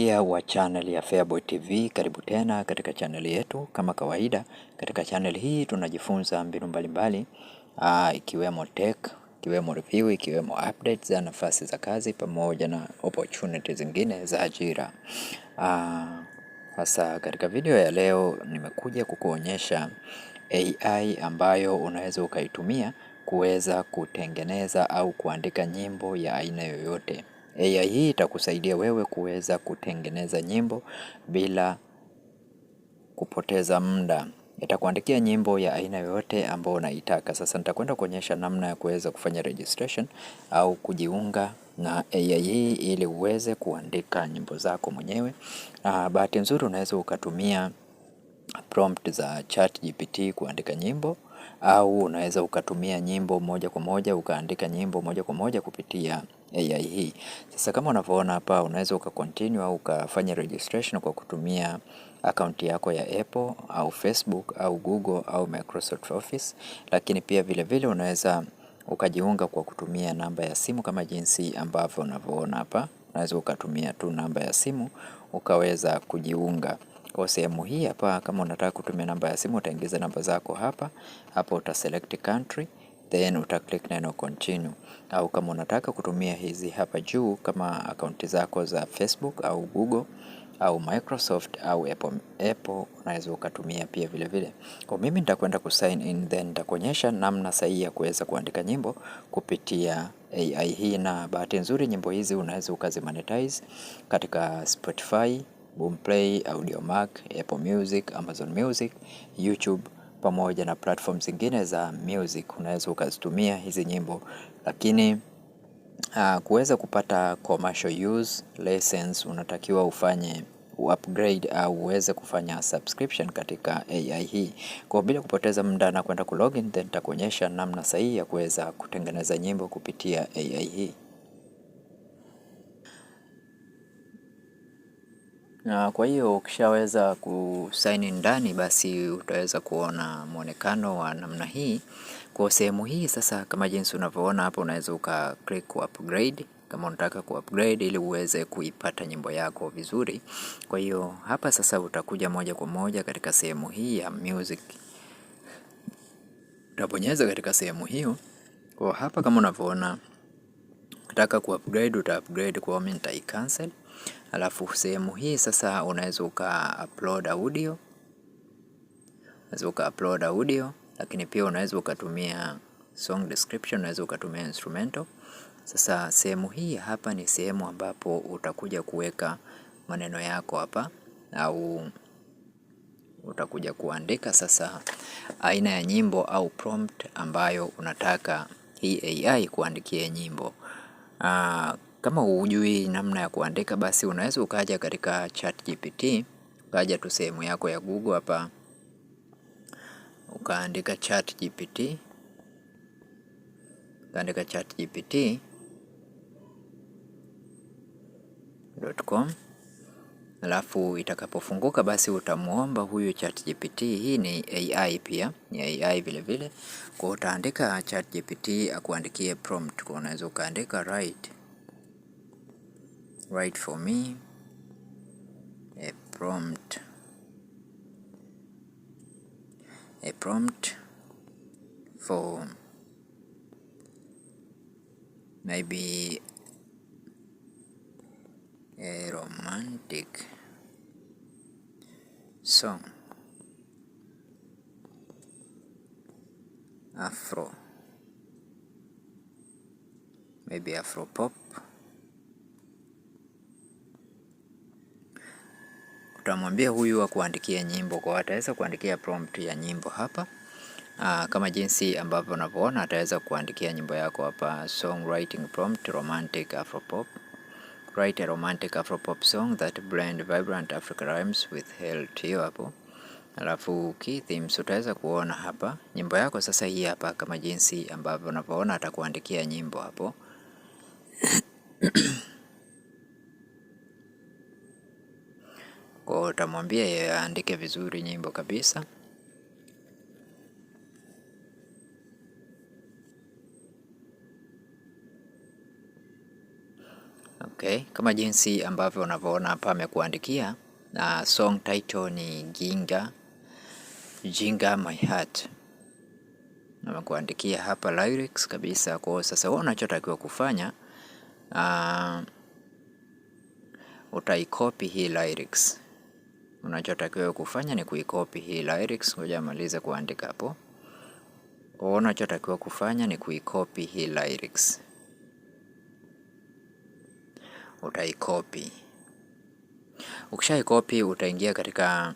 Pia wa channel ya Feaboy TV, karibu tena katika channel yetu. Kama kawaida, katika channel hii tunajifunza mbinu mbalimbali mbali, ah, ikiwemo tech, ikiwemo review, ikiwemo updates za nafasi za kazi pamoja na opportunities zingine za ajira. Ah, sasa katika video ya leo nimekuja kukuonyesha AI ambayo unaweza ukaitumia kuweza kutengeneza au kuandika nyimbo ya aina yoyote. AI hii itakusaidia wewe kuweza kutengeneza nyimbo bila kupoteza muda. Itakuandikia nyimbo ya aina yoyote ambayo unaitaka. Sasa nitakwenda kuonyesha namna ya kuweza kufanya registration au kujiunga na AI hii ili uweze kuandika nyimbo zako mwenyewe. Uh, bahati nzuri unaweza ukatumia prompt za GPT kuandika nyimbo au unaweza ukatumia nyimbo moja kwa moja ukaandika nyimbo moja kwa moja kupitia AI hii. Sasa kama unavyoona hapa, unaweza ukacontinue au ukafanya registration kwa kutumia akaunti yako ya Apple au Facebook au Google au Microsoft Office, lakini pia vilevile unaweza ukajiunga kwa kutumia namba ya simu kama jinsi ambavyo unavyoona hapa. Unaweza ukatumia tu namba ya simu ukaweza kujiunga kwa sehemu hii hapa. Kama unataka kutumia namba ya simu, utaingiza namba zako hapa. Hapo uta country then uta click neno continue, au kama unataka kutumia hizi hapa juu kama akaunti zako za Facebook au Google au Microsoft au Apple, Apple unaweza ukatumia pia vile vile. Kwa mimi nitakwenda ku sign in then nitakuonyesha namna sahihi ya kuweza kuandika nyimbo kupitia AI hii, na bahati nzuri nyimbo hizi unaweza ukazi monetize katika Spotify, Boomplay, Mac, Apple Music, Amazon Music, YouTube pamoja na platform zingine za music unaweza ukazitumia hizi nyimbo, lakini uh, kuweza kupata commercial use license unatakiwa ufanye upgrade au uh, uweze kufanya subscription katika AI hii. Kwa bila kupoteza muda na kwenda kulogin, then nitakuonyesha namna sahihi ya kuweza kutengeneza nyimbo kupitia AI hii. Na kwa hiyo ukishaweza kusaini ndani basi utaweza kuona mwonekano wa namna hii. Kwa sehemu hii sasa, kama jinsi unavyoona hapo, unaweza uka click ku upgrade kama unataka ku upgrade ili uweze kuipata nyimbo yako vizuri. Kwa hiyo hapa sasa utakuja moja kwa moja katika sehemu hii ya music, utabonyeza katika sehemu hiyo. Kwa hapa kama unavyoona, ukitaka ku upgrade uta upgrade, kwa mimi nitai cancel. Alafu sehemu hii sasa unaweza uka upload audio, unaweza uka upload audio, lakini pia unaweza ukatumia song description, unaweza ukatumia instrumental. Sasa sehemu hii hapa ni sehemu ambapo utakuja kuweka maneno yako hapa au utakuja kuandika sasa aina ya nyimbo au prompt ambayo unataka hii AI kuandikia nyimbo. Aa, ah, kama hujui namna ya kuandika, basi unaweza ukaja katika chat GPT, ukaja tu sehemu yako ya Google hapa, ukaandika chat GPT, ukaandika chat GPT com alafu itakapofunguka basi utamuomba huyu ChatGPT. Hii ni AI pia ni AI vile vile, kwa utaandika ChatGPT akuandikie prompt, kwa unaweza ukaandika write write for me a prompt a prompt for maybe a romantic song afro maybe afro pop tutamwambia huyu wa kuandikia nyimbo, kwa ataweza kuandikia prompt ya nyimbo hapa. Aa, ah, kama jinsi ambavyo unavyoona ataweza kuandikia nyimbo yako hapa, songwriting prompt romantic afropop. Write a romantic afropop song that blend vibrant African rhymes with hiyo hapo. Alafu key themes utaweza kuona hapa nyimbo yako sasa, hii hapa kama jinsi ambavyo unavyoona atakuandikia nyimbo hapo Kwa hiyo utamwambia yeye aandike vizuri nyimbo kabisa. Okay, kama jinsi ambavyo unavyoona hapa amekuandikia na song title ni Ginga Jinga My Heart. Amekuandikia hapa lyrics kabisa. Kwa hiyo sasa wewe unachotakiwa kufanya uh, utaikopi hii lyrics unachotakiwa kufanya ni kuikopi hii lyrics. Ngoja amalize kuandika hapo. Unachotakiwa kufanya ni kuikopi hii lyrics, utaikopi. Ukishaikopi utaingia katika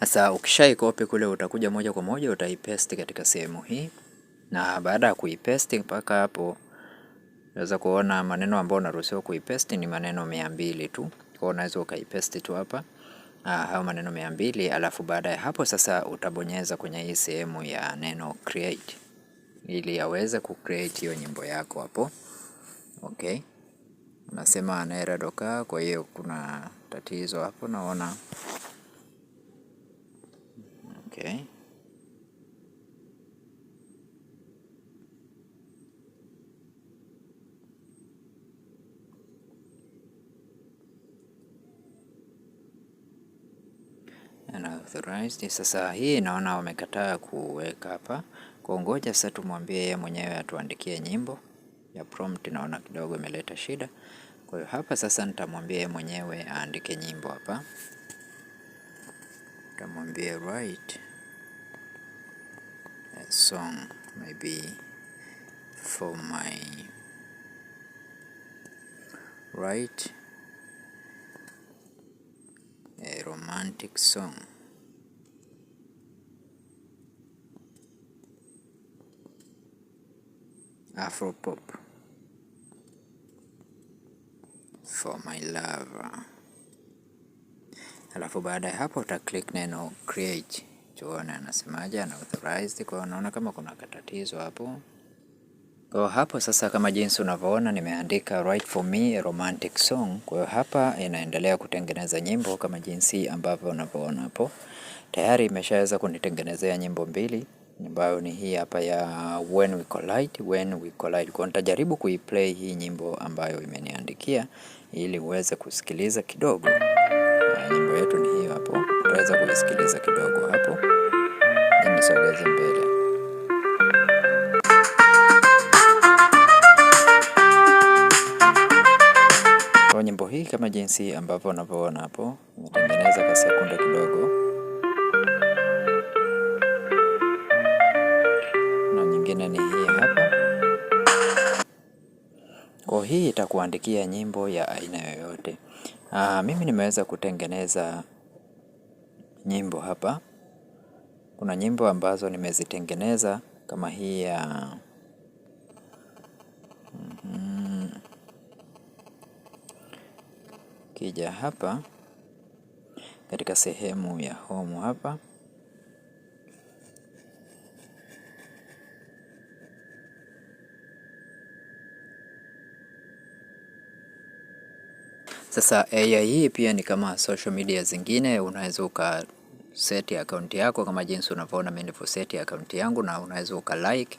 Sasa ukishaikopi kule, utakuja moja kwa moja utaipaste katika sehemu hii, na baada ya kuipaste mpaka hapo Unaweza kuona maneno ambayo unaruhusiwa kuipaste ni maneno mia mbili tu. Kwa unaweza ukaipaste tu hapa ah, hayo maneno mia mbili alafu baada ya hapo sasa utabonyeza kwenye hii sehemu ya neno create ili aweze kucreate hiyo nyimbo yako hapo. Okay. Unasema doka, kwa hiyo kuna tatizo hapo naona. Okay. authorized. Sasa hii naona wamekataa kuweka hapa, ngoja sasa tumwambie yeye mwenyewe atuandikie nyimbo ya prompt. Naona kidogo imeleta shida, kwa hiyo hapa sasa nitamwambia yeye mwenyewe aandike nyimbo hapa, nitamwambia write a song maybe for my write a romantic song Afropop for my love. Alafu baada ya hapo uta click neno create, tuone anasemaje, ana authorized. Kwa hiyo unaona kama kuna katatizo hapo. Kwa hiyo hapo sasa, kama jinsi unavyoona nimeandika write for me a romantic song. Kwa hiyo hapa inaendelea kutengeneza nyimbo kama jinsi ambavyo unavyoona hapo, tayari imeshaweza kunitengenezea nyimbo mbili ambayo ni hii hapa ya When We Collide, When We Collide. Kwa nitajaribu kuiplay hii nyimbo ambayo imeniandikia ili uweze kusikiliza kidogo. Ah, nyimbo yetu ni hiyo hapo, utaweza kuisikiliza kidogo hapo, nisogeze mbele kwa nyimbo hii, kama jinsi ambavyo unavyoona hapo, umetengeneza kwa sekunde kidogo hii itakuandikia nyimbo ya aina yoyote. Aa, ah, mimi nimeweza kutengeneza nyimbo hapa. Kuna nyimbo ambazo nimezitengeneza kama hii ya mm-hmm, Kija hapa katika sehemu ya home hapa Sasa AI hii pia ni kama social media zingine, unaweza uka set account yako kama jinsi unavyoona mimi nilivyo set account yangu, na unaweza uka like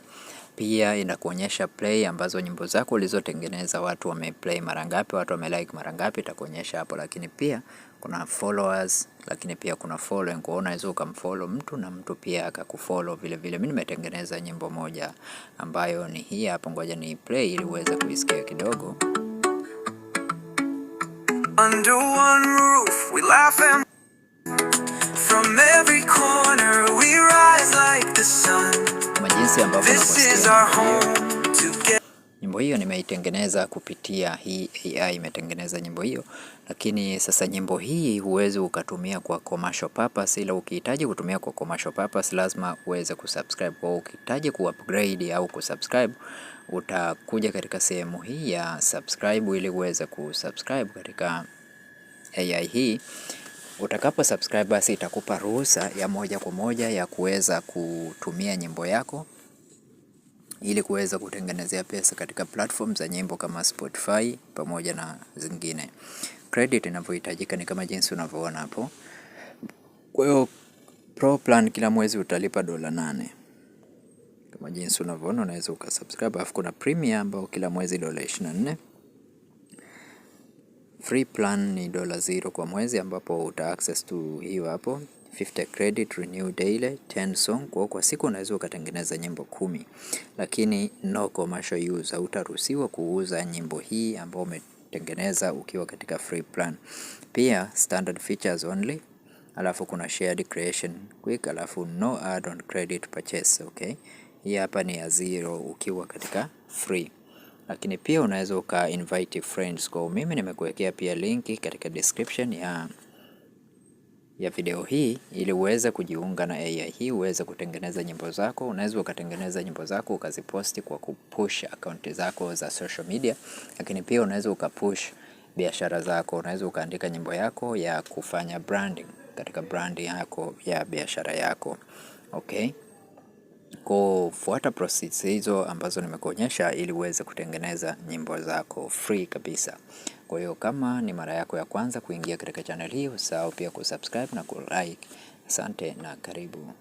pia inakuonyesha play ambazo nyimbo zako ulizotengeneza watu wameplay mara ngapi, watu wame like mara ngapi, itakuonyesha hapo. Lakini pia kuna followers, lakini pia kuna following, kwa unaweza ukamfollow mtu na mtu pia akakufollow vile vile. Mimi nimetengeneza nyimbo moja ambayo ni hii hapa, ngoja ni play ili uweze kuisikia kidogo. Under one roof, we laugh and from every corner, we rise like the sun. This is our home. nyimbo hiyo nimeitengeneza kupitia hii AI imetengeneza nyimbo hiyo, lakini sasa nyimbo hii huwezi ukatumia kwa commercial purpose, ila ukihitaji kutumia kwa commercial purpose lazima uweze kusubscribe. Kwa ukihitaji kuupgrade au kusubscribe, utakuja katika sehemu hii ya subscribe ili uweze kusubscribe katika AI hii. Utakapo subscribe basi itakupa ruhusa ya moja kwa moja ya kuweza kutumia nyimbo yako ili kuweza kutengenezea pesa katika platform za nyimbo kama Spotify pamoja na zingine. Credit inavyohitajika ni kama jinsi unavyoona hapo. Kwa hiyo pro plan kila mwezi utalipa dola nane kama jinsi unavyoona, unaweza ukasubscribe. Alafu kuna premium ambao kila mwezi dola 24. nne. Free plan ni dola zero kwa mwezi, ambapo uta access tu hiyo hapo. 50 credit, renew daily, 10 song. Kwa kwa siku unaweza ukatengeneza nyimbo kumi, lakini no commercial use, hautaruhusiwa kuuza nyimbo hii ambayo umetengeneza ukiwa katika free plan. Pia standard features only, alafu kuna shared creation quick, alafu no add on credit purchase. Okay, hii hapa ni ya zero ukiwa katika free lakini pia unaweza uka invite friends. Kwa mimi nimekuwekea pia linki katika description ya ya video hii ili uweze kujiunga na AI hii uweze kutengeneza nyimbo zako. Unaweza ukatengeneza nyimbo zako ukaziposti kwa kupush akaunti zako za social media, lakini pia unaweza ukapush biashara zako. Unaweza ukaandika nyimbo yako ya kufanya branding katika brand yako ya biashara yako okay. Kufuata process hizo ambazo nimekuonyesha ili uweze kutengeneza nyimbo zako free kabisa. Kwa hiyo kama ni mara yako ya kwanza kuingia katika channel hii, usahau pia kusubscribe na kulike. Asante na karibu.